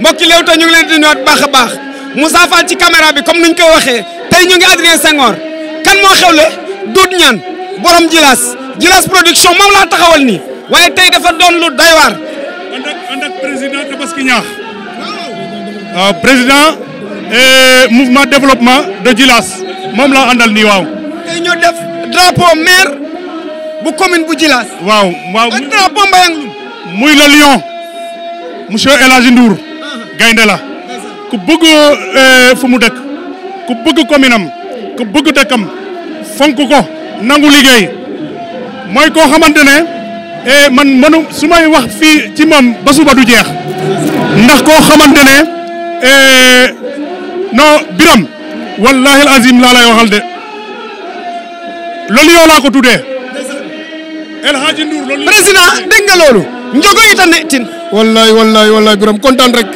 mbokki Leewtoo ñu ngi leen di nuyuwaat baax a baax Moussa Fall ci caméra bi comme nuñ ko waxee tey ñu ngi Adrien Senghor kan moo xewle duut ñaan borom jilaas jilaas production moom laa taxawal nii waaye tey dafa doon lu doy waar. ànd ak président Tabaski Niakh waaw président et mouvement développement de jilaas moom laa àndal nii waaw. tey ñu def drapeau maire bu commune bu jilaas waaw waaw ak Mbayang muy le lion monsieur El Hadji Ndour gaynde la ku bëgg eh, fu mu dëkk ku bëgg commune am ku bëgg dëkkam fonk ko nangu liggéey mooy koo xamante ne eh, man mënu su may wax fii ci moom ba suba du jeex ndax koo xamante ne eh, non biram wallahi al azim laa lay waxal de loolu yow ko tuddee El Hadji Ndour loolu président dégg nga loolu njogo itam ne tin wallahi wallahi wallahi biram kontaan rek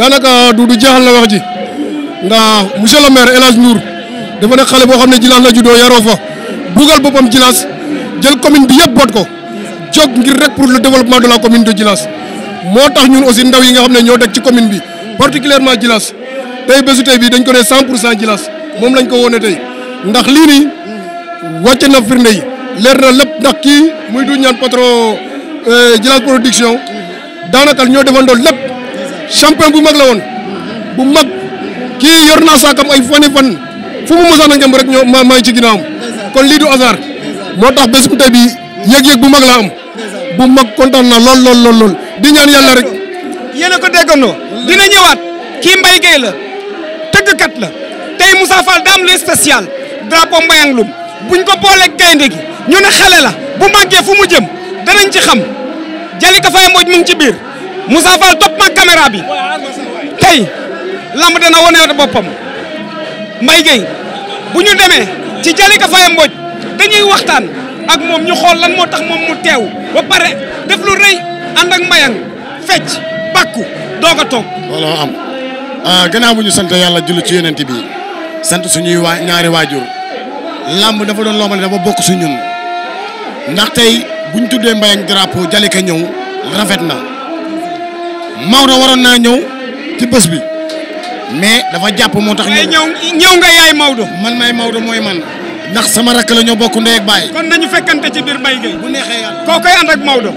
daanaka du du jeexal na wax ji ndax monsieur le maire El Hadj Ndour xale boo xam ne Djilass la juddoo yaroo fa bugal boppam Djilass jël commune bi yëpp boot ko jóg ngir rek pour le développement de la commune de Djilass moo tax ñun aussi ndaw yi nga xam ne ñoo dëkk ci commune bi particulièrement Djilass tey bésu tey bii dañ ko ne 100 pour cent Djilass moom lañ ko woone tey ndax lii nii wàcce na firnde yi leer na lépp ndax kii muy du ñaan patron euh, Djilass production daanaka ñoo defandoo lépp champion bu mag la woon bu mag ki yor na saakam ay fan fan fu mu mosaan a ngëm rek ñoo maa ngi ci ginnaawam kon lii du hasard moo tax bés bu tey bi yëg-yëg bu mag la am bu mag kontaan na lool lool lool di ñaan yàlla rek. yéen ko déggandoo dina ñëwaat kii Mbaye Gueye la tëggkat la tey Moussa Fall daam lu spécial drapeau Mbayang Loum buñ ko booleeg gaynde gi ñu ne xale la bu màggee fu mu jëm danañ ci xam Jalika Faye Mbodj mu ngi ci biir. Moussa Fall topp ma caméra tey lamb dana wane boppam Mbaye Gueye bu ñu demee ci Jalika Faye dañuy waxtaan ak moom ñu xool lan moo tax moom mu teew ba pare def lu rëy ànd ak mbayang fecc bàkku doog a toog. looloo ah, bu ñu sant yàlla julli ci yonent bi sant suñuy waa ñaari waaju lamb dafa doon loomal dafa bokk su ñun ndax tey bu ñu tuddee mbayang drapeau Jalika ñëw rafet na. Maodo waroon naa ñëw ci bés bi mais dafa jàpp moo tax. ñëw ñëw nga yaay Maodo. man maay Maodo mooy man. ndax sama rakk la ñoo bokk ndey ak baay. kon nañu fekkante ci biir Mbaye Gueye. bu neexee yàlla koo koy ànd ak Maodo.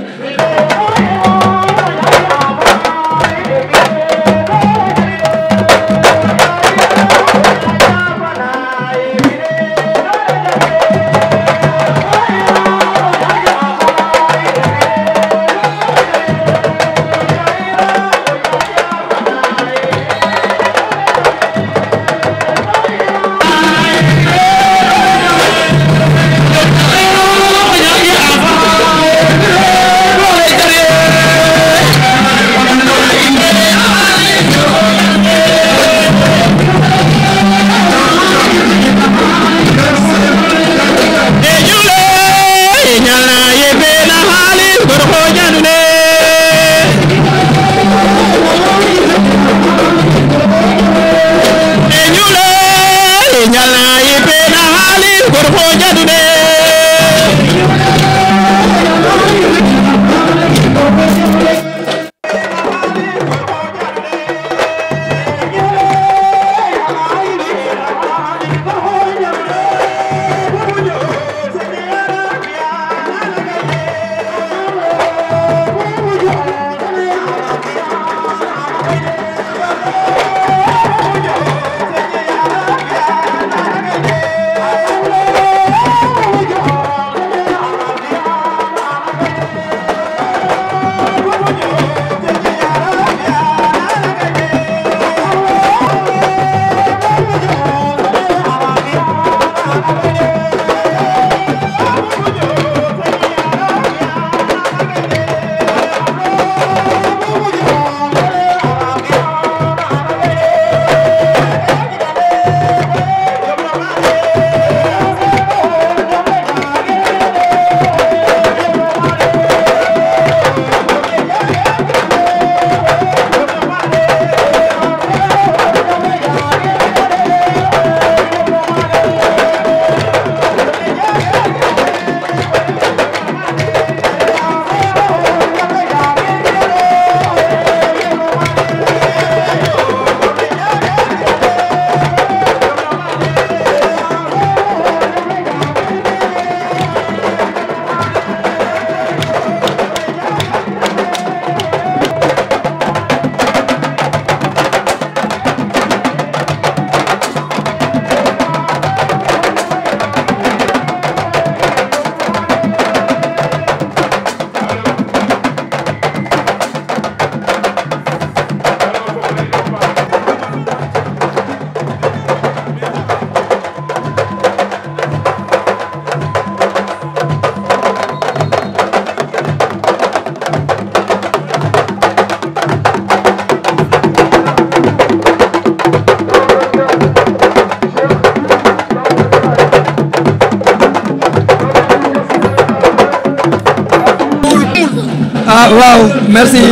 ah waaw merci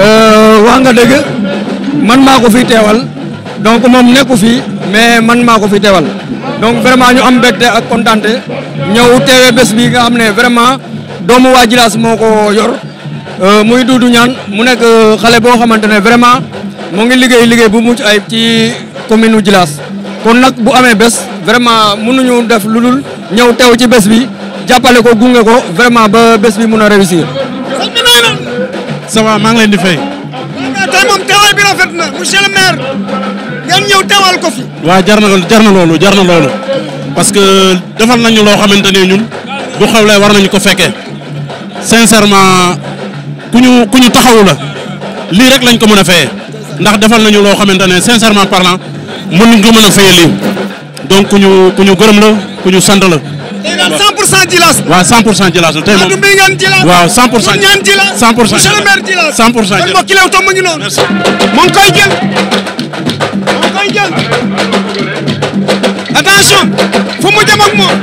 euh, wax nga dëgg man maa ko fi teewal donc moom nekku fii mais man maa ko fi teewal donc vraiment ñu am mbégte ak kontante ñëw teewee bés bi nga xam ne vraiment doomu waa Djilass moo ko yor euh, muy du ñaan mu nekk euh, xale boo xamante ne vraiment mu ngi liggéey liggéey bu mucc ay ci commune u Djilass kon nag bu amee bés vraiment mënuñu def lu dul ñëw teew ci bés bi jàppale ko gunge ko vraiment ba bés bi mun a réussir ça va maa ngi leen di fay. tey moom teewaay bi rafet na monsieur le maire ngeen ñëw teewal ko fi. waaw jar na jar na loolu jar na loolu parce que defal nañu loo xamante ne ñun bu lay war nañu ko fekkee sincèrement ku ñu ku ñu taxawu la lii rek lañ ko mën a fayee ndax defal nañu loo xamante ne sincèrement parlant mënuñ ko mën a fayee lii donc ku ñu ku ñu gërëm la ku ñu sant la. day naan 100 pour cent jilaas la. waaw 100 pour cent jilaas la tey moom Adou ngeen jilaas. waaw 100 pour cent ñaan jilaas. 100 pour cent monsieur le maire jilaas. 100 pour cent jilaas kon mbokk Leewtoo mu ngi noonu. merci mu ngi koy jël mu ngi koy jël attention fu mu jëm ak moom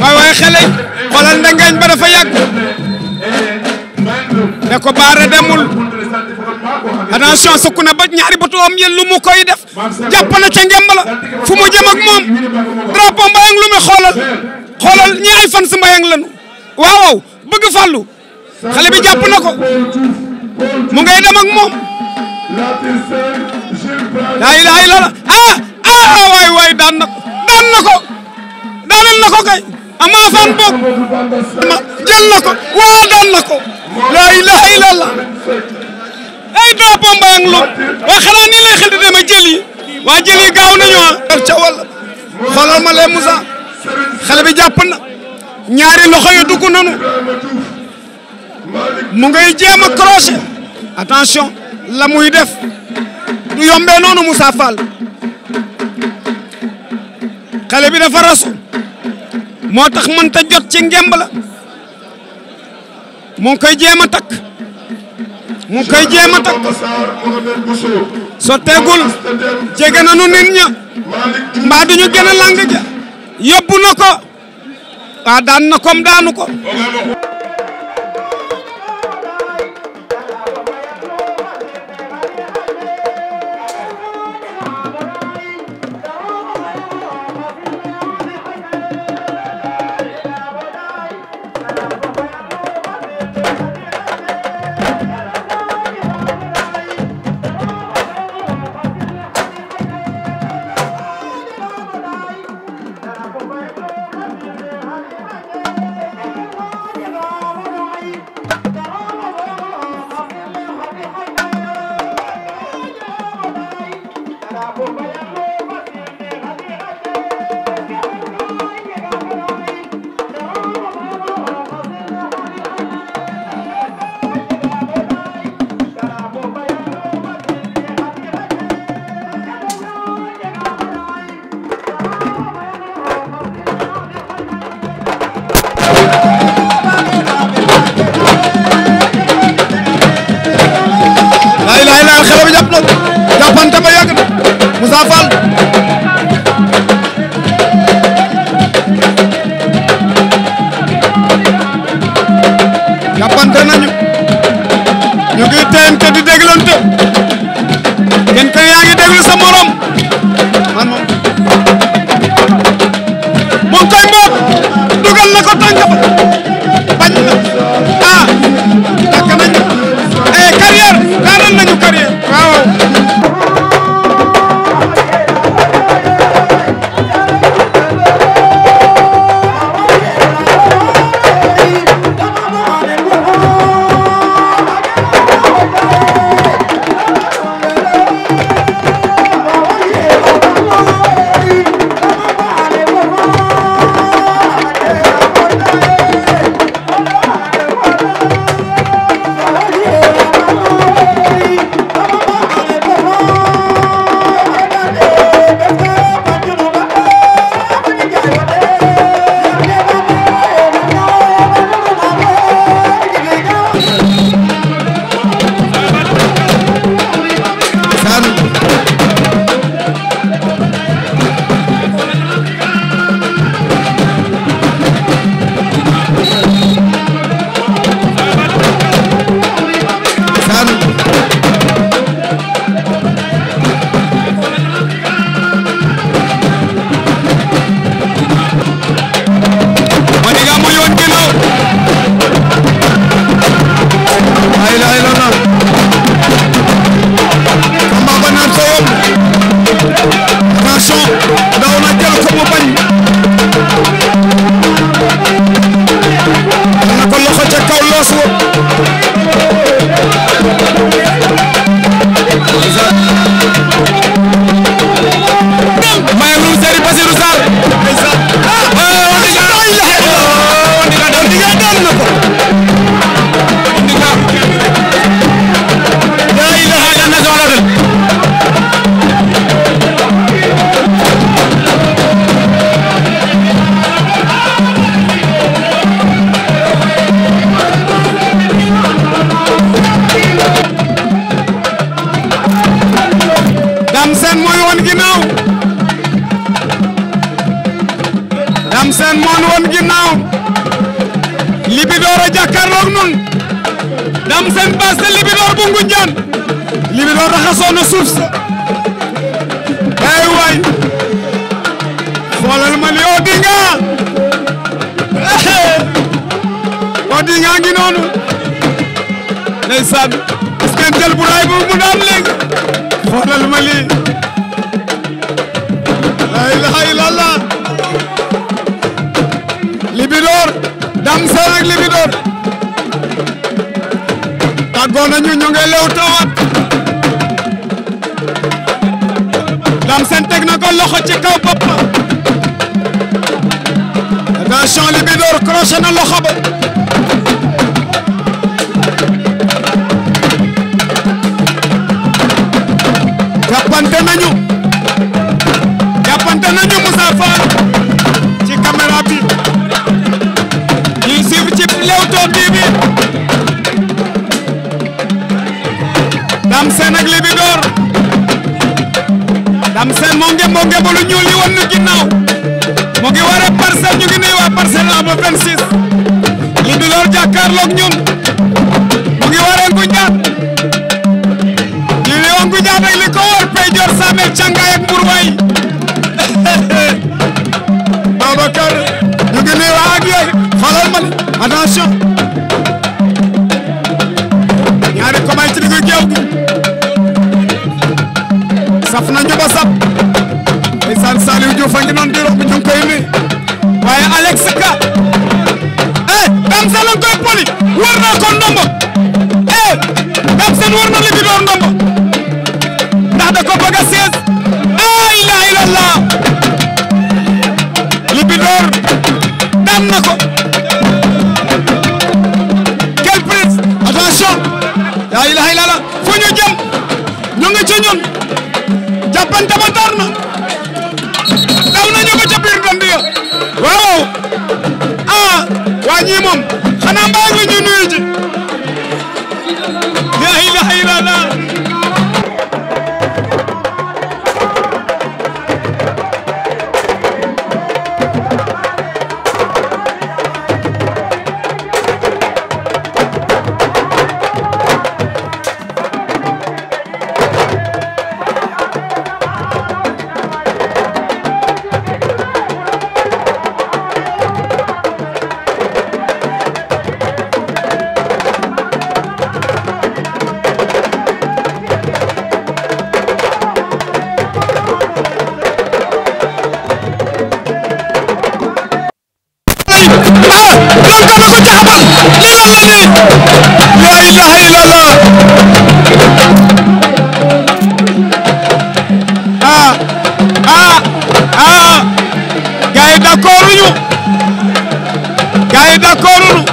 waaw waaye xale yi xoolal ndengeñ ba dafa yàgg ne ko baare demul. attention sukk na ba ñaari batu am yéen lu mu koy def jàpp na la fu mu jëm moom drapeau mbayang lu mu xoolal xoolal ñi ay fan si mbayang lañu waaw waaw bëgg fàllu xale bi jàpp ko mu ngay dem moom laa ilaaha illallaah ah waay waay daan na ko daan na ko daanal na ko kay amaa fan boog jël na ko waaw daan na ko laa ilaaha illallaah ay drapeau mbay ak lum waa xanaa nii lay xel di demee jël waa jël gaaw nañu ah. cawal xoolal ma lee Moussa xale bi jàpp na ñaari loxo yi dugg nanu mu ngay jéem a crochet attention la muy def du yombee noonu Moussa Fall xale bi dafa rasu moo tax mënta jot ci ngemb la mu ngi koy jéem a takk. mu ngi koy jéem a takk sotteegul jege na nu nit ña mbaa du ñu gën a ja yóbbu na ko daan na kom daanu ko. Tapha Fall loxo ci kaw bopp attention Libidor croché na loxo ba jàppante nañu jàppante nañu Moussa Fall ci caméra bi ñuy suivre ci Leewtoo TV Dame Sène ak Libidor Dame Sène moo ngi lu ñuul yi wan ñu ginnaaw mu waree parcelle ñu ngi nuyu waa parcelle la ba 26 li du lor jàkkaarloog ñun mu waree ngu ñaat ñu ne ngu ñaat ak ko wër Pey Dior Samel Cangaay ak Mbourwaay Babacar ñu ngi nuyu waa ak yooyu xoolal ma attention ñaari communes ci digg géew gi saf nañu ba saf ndeysaan Saliou Diouf a ngi noonu ñu ngi mi waaye Alex Ka eh Dame Sène lañ koy poli war naa na li bi door ndombo ndax da ko bëgg a li bi door ñii moom xanaa mbaa nga ñu nuyu ji. d'accord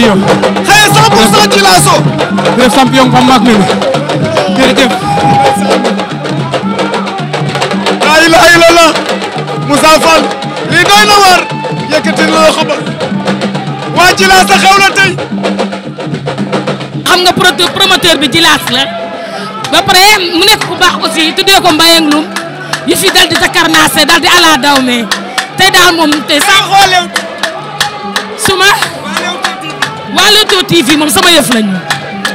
champion. xëy 100 pour cent ci laa soob. jërëjëf champion Pape Maak Mimi laa ilaaha illallaah Moussa Fall lii na waar yëkkati la xabar waa Jilaas xew la tey. xam nga promoteur bi Jilaas la ba pare mu nekk bu baax aussi tuddee ko Mbaye ak Loum yi fi dal di takarnaase dal di ala daw mais tey daal moom tey sax xoolee suma. waa Leewtoo TV moom sama yëf lañu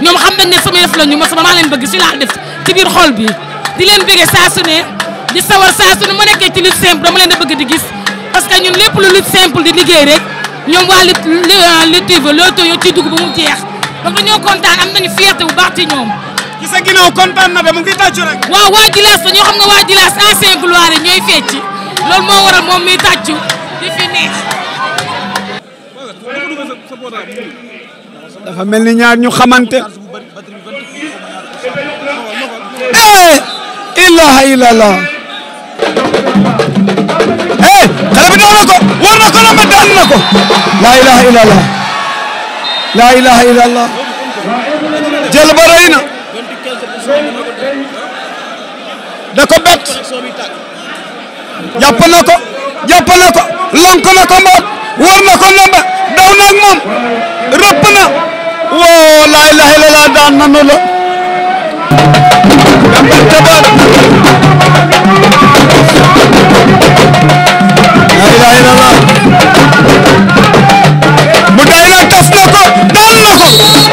ñoom xam nañ ne sama yëf lañu ma sama maa leen bëgg si laa def ci xool bi di leen bëggee saa su di sawar saa su ne ma nekkee ci lutte simple dama leen a bëgg di gis parce que ñun lépp lu lutte simple di liggéey rek ñoom waa lutte lutte TV Leewtoo ñoo ciy dugg ba mu jeex donc dañoo kontaan am nañu fierté bu baax ci ñoom. ci sa ginnaaw kontaan na ñoo xam nga waa Jilas ancien gloire ñooy fecc loolu moo waral moom miy tàcc di dafa mel ni ñaar ñu xamante eh ilaha illallah eh xale bi daan ko war ko na ma ko la ilaha illallah la ilaha ko bett ko jàpp ko lank na ko mboot war ak moom rëpp woo laa ilaha illallah daan nanu laa ilaha illallah bu la taf daan na ko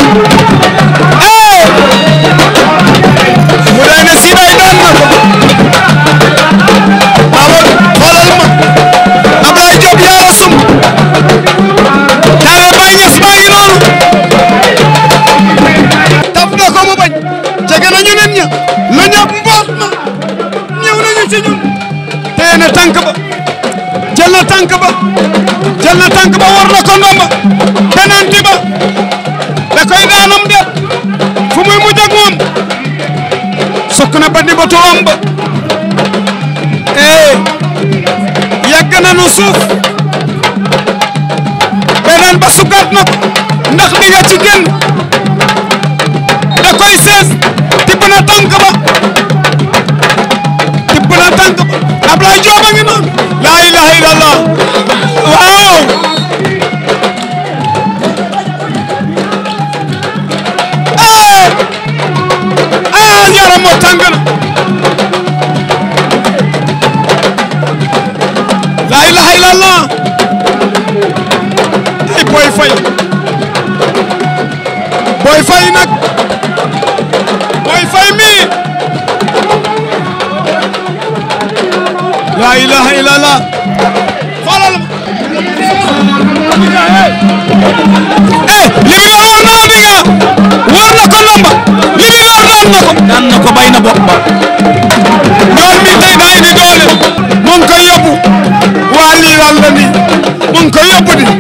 takk na ba ndimba turam ba eh na nu beneen ba sukkaat ndax di ci génn da koy sees na tànk ba tibb na tànk ba Ablaye Diop a ngi noonu. laa ilaaha waaw. yaram moo tàng na laa ilaha illallah ay Boy Faye Boy Faye nag li muy war naa di war na ko lamba na ko daan na ko bay na bopp ba ñoom mi tey day di doole mu ngi koy yóbbu la nii mu ngi di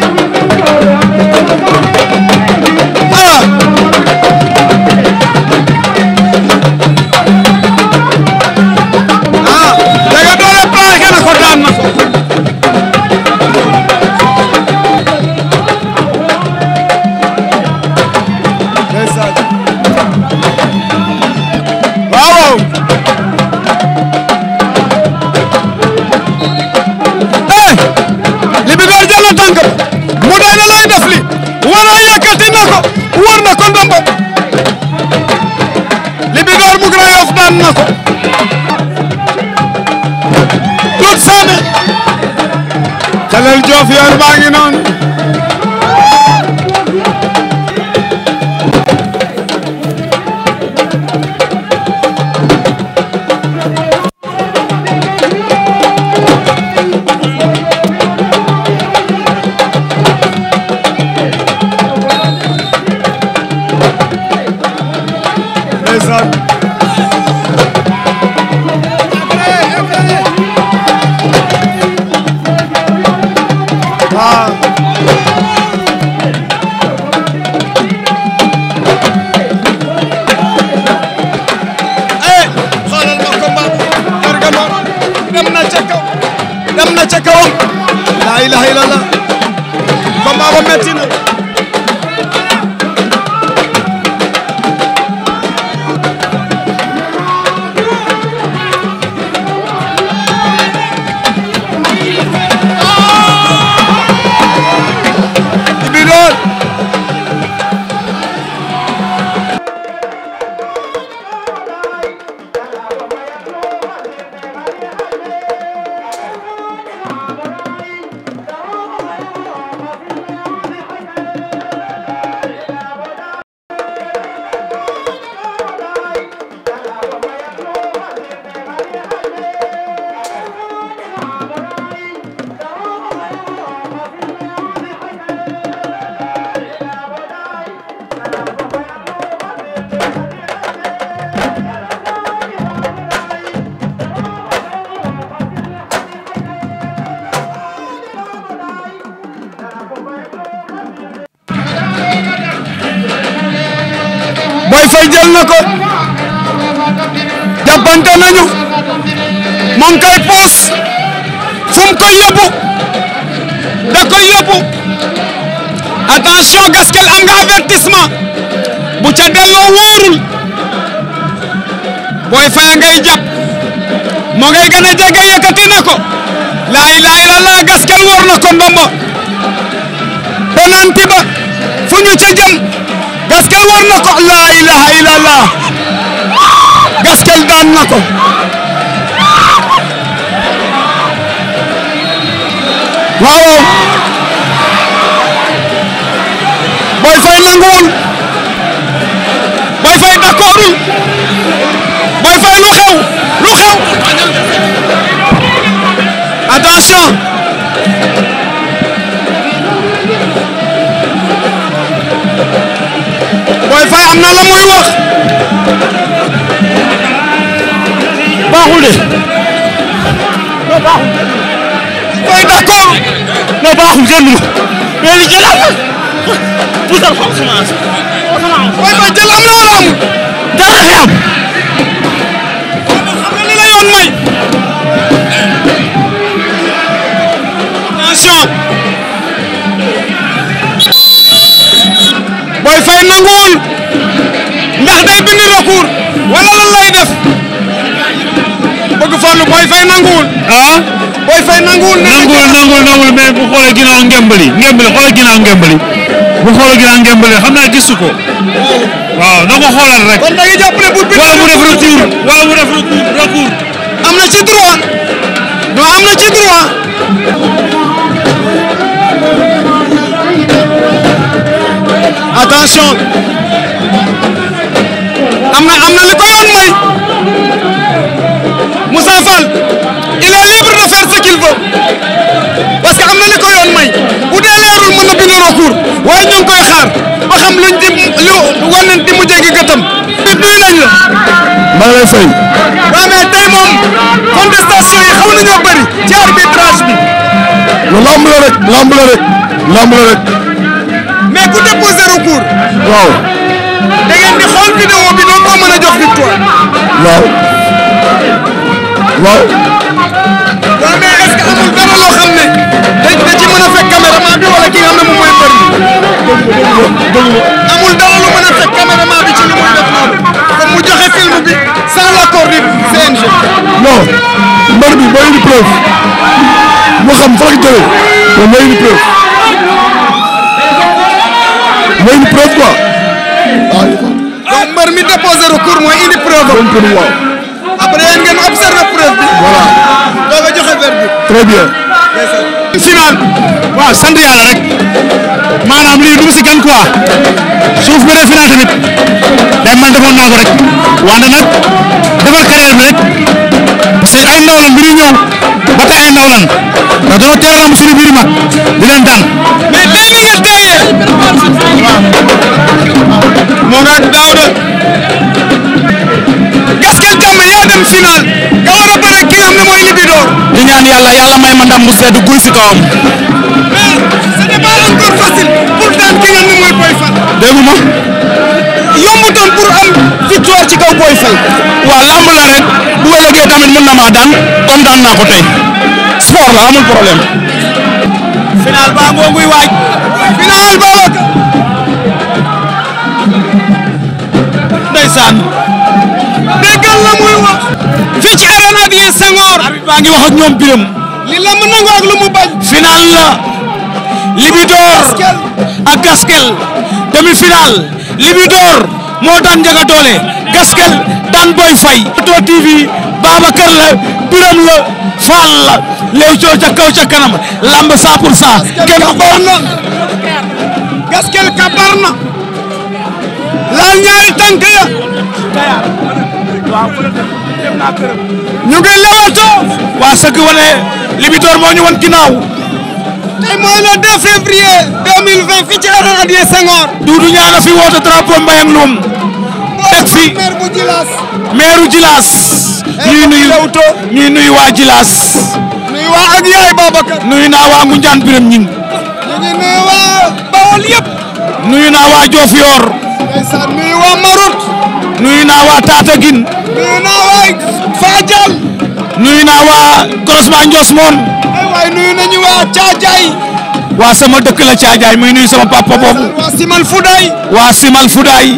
metti Faye jël na ko jàppante nañu mu ngi koy puus fu koy yóbbu da koy yóbbu attention Gaskel am nga avertissement bu ca delloo wóorul Boy Faye ngay jàpp moo ngay gën a jege ko laay laay la laa Gaskel wóor na ko ndombo penalty ba fu ñu ca jëm. Gaskel war na ko laa ilaha illallah Gaskel daan na ko waaw Boy Faye nanguwul Boy Faye d'accordul Boy Faye lu xew Faye am na la muy wax baaxul de non baaxul. na. puudar foofu sama as. waaye Faye jël am na wala amul. dara xëy am. xam nga li la yoon may. attention. Boy Faye ndax day bind recours lan lay def bëgg Fallou Boy Faye nanguwul. ah Boy Faye nanguwul. nanguwul nanguwul nanguwul mais bu xoolee ngembali ngembali xoolee ginnaaw ngembali bu xam naa gisu ko. waaw na ko rek. kon da ngay am na ci droit. non am na ci droit. attention. am na ko yoon may Moussa Fall il est libre de faire ce qu'il que am ko yoon may bu dee leerul mën na bind recours waaye ñu ngi koy xaar ba xam luñ di lu wane di mu jéggi gëtam. bi nuyu nañ la. maa ngi lay fay. xaw nañoo bëri ci bi. lu lamb la lamb la rek lamb la rek. mais ku déposé recours. ngeen di xool vidéo bi doon ko mën a jox victoire. waaw. waaw. waaw mais est-ce que amul dara loo xam ne dañ da ci mën a fekk caméraman bi wala ki nga xam ne moom mooy mbër mi. amul dara lu mën a fekk caméraman bi ci li muy def noonu. comme mu joxe film bi sans l'accord du CNG. non mbër bi mooy indi preuve mu xam fa la ko jëlee moom mooy indi preuve mooy indi preuve quoi. mbër mi déposé recours mooy indi preuve après yéen ngeen observé preuve bi. voilà lii du ma si gañ quoi suuf bëree tamit day man defoon naa rek wante nag defar carrière bi rek seet ay ndaw lan bi ñuy ñëw ba tey ay ndaw lan ndax dañoo teel di leen daan. ndam bu sedd guy si kawam. ce n'est pas encore facile pour daan ki nga ni mooy Boy Fall. dégg nga yombutoon pour am victoire ci kaw Boy Fall. waaw rek bu ëllëgee tamit mën na maa daan comme daan naa ko tey sport la amul problème. final ba ngooguy waaj. final la muy wax. fii ci arène Adrien Senghor. arbitre baa ngi wax ñoom biram li lamb nangu Gaskel demi final Libidor moo daan Ndiaga Dolé Gaskel daan Boy Faye. Leewtoo TV Babacar la Biram la Fall la Leewtoo kaw ca kanam lamb 100 pour 100. kenn laal ñaari tànk ya ñu ngi Leewtoo waa sëgg wane Libidor moo ñu wan ginnaaw. tey mooy le 2 février 2020 fii ci Adama Adrien Senghor. Doudou Niang a fi woote drapeau Mbayang Loum. fi maire Jilaas. Eh, ñuy nuyu waa Jilaas. nuyu waa ak yaay Babacar. nuyu naa waa Ngunjaan Biram ñing ñu waa Bawol yëpp. nuyu waa Diofior. ndeysaan waa Marot. nuyu waa Tataguine. nuyu naa nuyu naa waa grossement eh, waa sama dëkk la Caajaay muy nuyu sama papa boobu. waa Simal Fudaay. waa Simal Fudaay.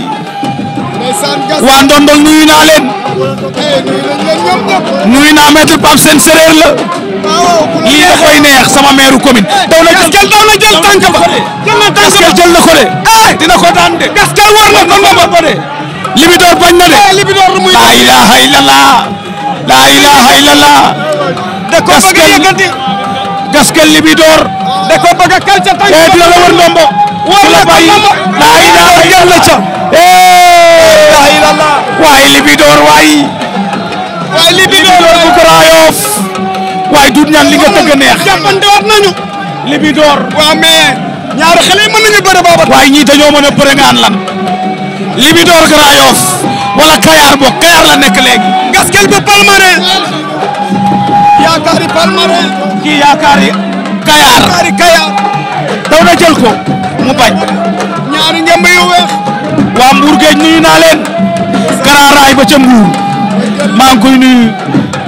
waa Ndondol nuyu naa leen. Eh, nuyu naa maître Pape Sène séeréer la. lii da sama maire commune. Eh, daw na jël daw bañ na de. la ilaha illallah. laa ilaaha illallah. da ko bëgg a yëkkati gaskeel libidoor. da ko bëgg a calca tey. eh dina la war ndombo. war la bàyyi laa ilaaha illallah ca. laa ilaaha waaye libidoor waayi. waaye libidoor bu Grand-Yoff. waaye duut ñaan li nga tëgg neex. jàppante war nañu. libidoor. waaw mais. ñaari xale yi mën nañu bëre baabat. waaye ñii dañoo mën a lan. libidoor Grand-Yoff. wala Kayar bokk Kayar la nekk léegi. gaskel bu palmarès. yaakaari palmarès. kii yaakaari. Kayar yaakaari na jël ko mu bañ. ñaari njëmb yu waa Mbour géej nuyu naa leen. Karaaraay ba ca Mbour. maa ngi koy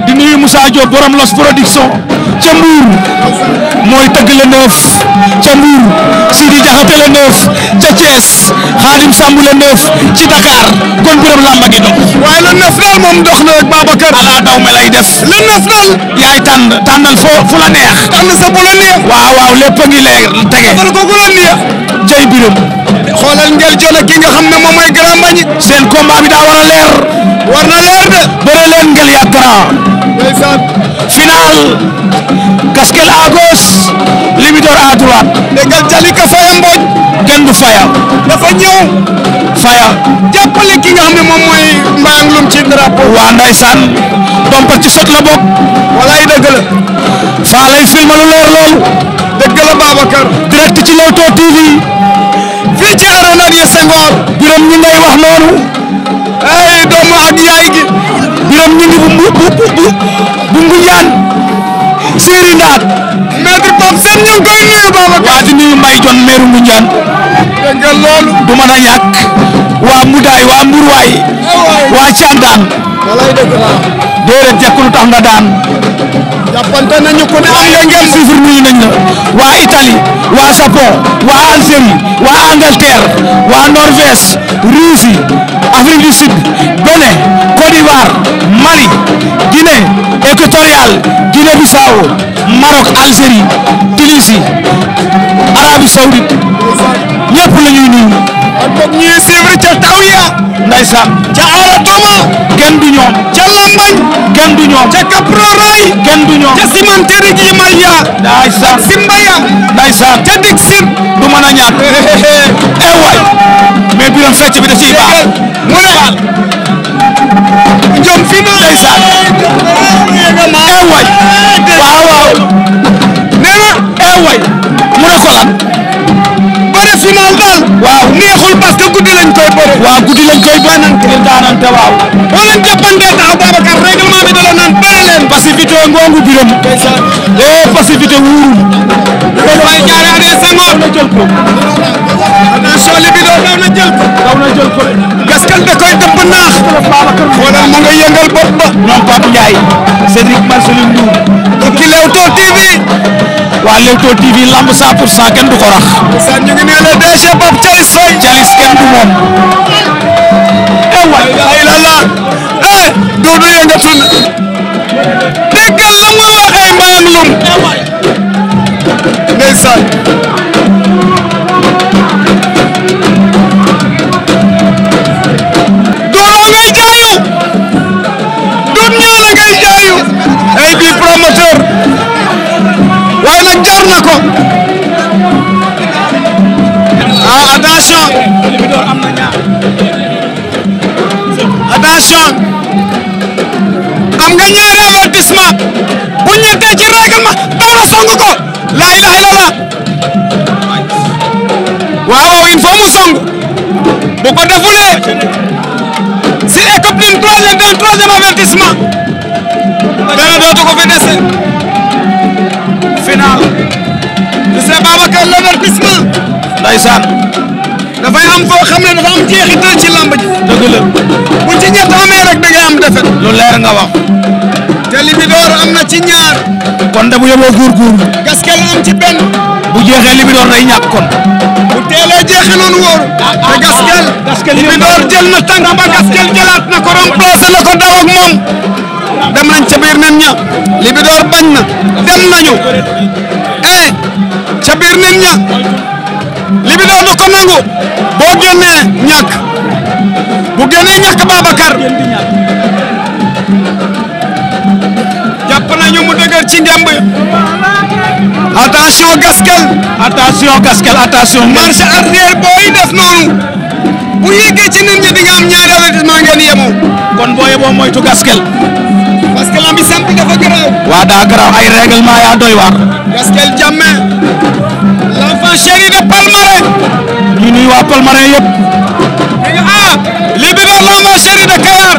di nuyu Moussa Diop borom Los Production. ca Mbour mooy tëgg le neuf ca Mbour Sidi Diakhaté le neuf ca Thiès Khadim Samb le neuf ci Dakar kon biram làmb gi dox waaye le neuf daal moom dox na ak Babacar ala daw lay def le neuf daal yaay tànn tànnal foo fu la neex tànn sa bu la neex waaw waaw lépp a ngi leer tege ko la neex cey biram xoolal ngel jona ki nga xam ne moom mooy grand mañi seen combat bi daa war a leer war na leer de bëre leen ngel yaa grand ndeysaan final Gaskel à gauche Libidor à droite jalika faya mbooj kenn du faya dafa ñëw faya jàppale ki nga xam ne moom mooy mbayang lum ci drapeau waa ndeysaan dompat ci fot la bokk walaay dëgg faa lay filma leer loolu Ahmed Gala Babacar. direct ci Leewtoo TV. fii ci arène Adrien Senghor. Birame ñi ngay wax noonu. ay doomu ak yaay gi. Birame ñi ngi bu bu bu bu bu Ngoundiane. Chéri Ndaat. maître Pape Sène ñu ngi koy nuyu Babacar. waa di nuyu Mbaye Thion maire Ngoundiane. dégg nga loolu. du mën a yàq. waa Mbudaay waa Mburwaay. waa Thiandane. déedéet jekkul tax nga daan. jàppante nañu ko ne waaye ngeen suivre nuyu nañ la waa Italie waa Japon waa Algérie waa Angleterre waa Norvège Russie Afrique du Sud Bénin Côte d'Ivoire Mali Guinée équatoriale Guinée-Bissau Maroc Algérie Tunisie Arabie Saoudite ñëpp la ñuy nuyu kon boog ñu ngi suivre ca Tawiya. ndeysaan ca Aratuma. kenn du ñoom. ca Lambañ. kenn du ñoom. ca Kapro Ray. kenn du ca Simantéri ji Maliya. ndeysaan Simbaya. ndeysaan ca Dixir. du mën a ñàkk. Eh, mais biram fecc bi da ciy baal. mu ne. njom fi mu ndeysaan. nañ ko daanan te waaw boo leen jàppandee taxaw Babacar règlement bi da la naan bëre leen passivité ngongu biram eh passivité wuurul waaye jaaree année Senghor la jël ko attention libido daw koy dëpp naax xoolal mu nga yëngal bopp ba ñoom Pape Ndiaye Cédric Marcelin Ndour tukki Leewtoo TV waa Leewtoo TV lamb 100 pour du ko rax sa ñu ngi Bob Thialis Faye du moom eh waay ay la la eh Doudou yëngatu na déggal la muy wax nag jaar na ko ah attention attention am nga ñaari avertissement bu ñu ñettee ci règlement daw na song ko laa ilaha illallah waaw waaw il faut bu ko defulee si écope d'une troisième d'un troisième avertissement benn dootu ko fi Babacar l'avertissement. am la. bu ci ñett amee rek da ngay am defet. lu leer nga wax. te Libidor am na ci ñaar. kon da bu yóbboo góorgóorlu. Gaskel am ci benn. bu jeexee Libidor day ñàkk kon. bu teelee jeexee noonu wóor. Ah, ah, ah. te Gaskel. Gaskel Libidor jël na tànk ba Gaskel jëlaat na ko remplacé na ko daw ak moom. dem ña. na. dem nañu. Eh, ca biir nit ña Libidor du ko nangu boo génnee ñàkk bu génnee ñàkk Babacar jàpp nañu mu dëgër ci ngemb attention gaskel attention gaskel attention marche arrière booy def noonu bu yéegee ci nit ñi di nga am ñaari avertissement ngeen yemoo kon booy boo moytu gaskel lambi samp dafa garaaw. waaw daa yaa doy waar. Gaskel Jammeh. l'enfant chéri de Palmarin. ñu nuyu waa Palmarin yëpp. dañu ah. li bi doon l'enfant chéri de Kayar.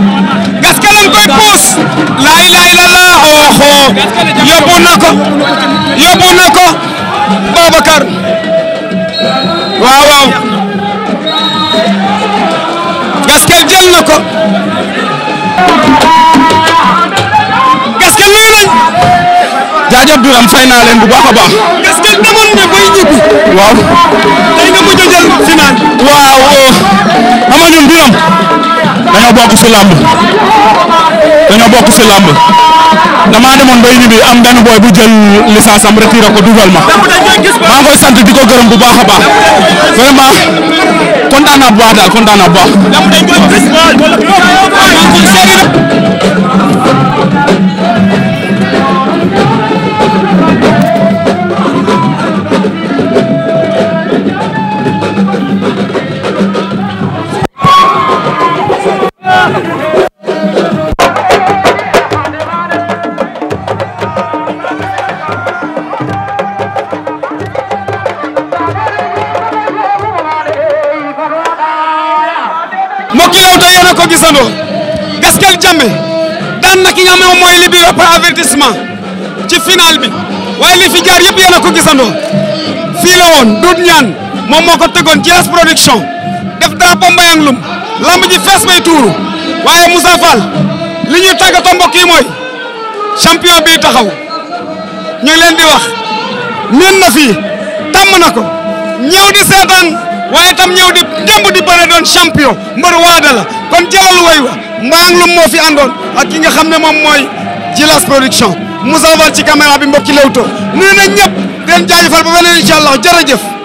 Gaskel lañ koy laa ilaaha illallaah waxoo. yóbbu na ko. yóbbu na ko. Babacar. waaw waaw. Gaskel jël na Aja Biram fay naa leen bu baax a baax. est-ce que demoon nga bay ñibbi. waaw. tey nga mujj Biram oh. dañoo bokk si làmb dañoo bokk si làmb damaa demoon bay ñibbi am benn boy bu jël licence am retiré ko dugal ma maa ngi koy di ko gërëm bu baax a baax vraiment kontaan naa bu daal kontaan naa bu waaye li fi jaar yëpp yéen a ko gisandoo fii la woon Doudou Niane moom moo ko tëggoon Djilass production def drapeau Mbayang Loum lamb ji fees bay tuuru waaye Moussa Fall li ñuy tàggatoo mbokk yi mooy champion bi taxaw ñu leen di wax miin na fii tàmm na ko ñëw di seetaan waaye tam ñëw di démb di bëre doon champion mbër waada la kon jëlal way wa Mbayang moo fi àndoon ak nga xam ne moom mooy Djilass production Moussa Fall ci caméra bi mbokki Leewtoo nuyu nañ ñëpp di leen jaajëfal ba beneen incha allah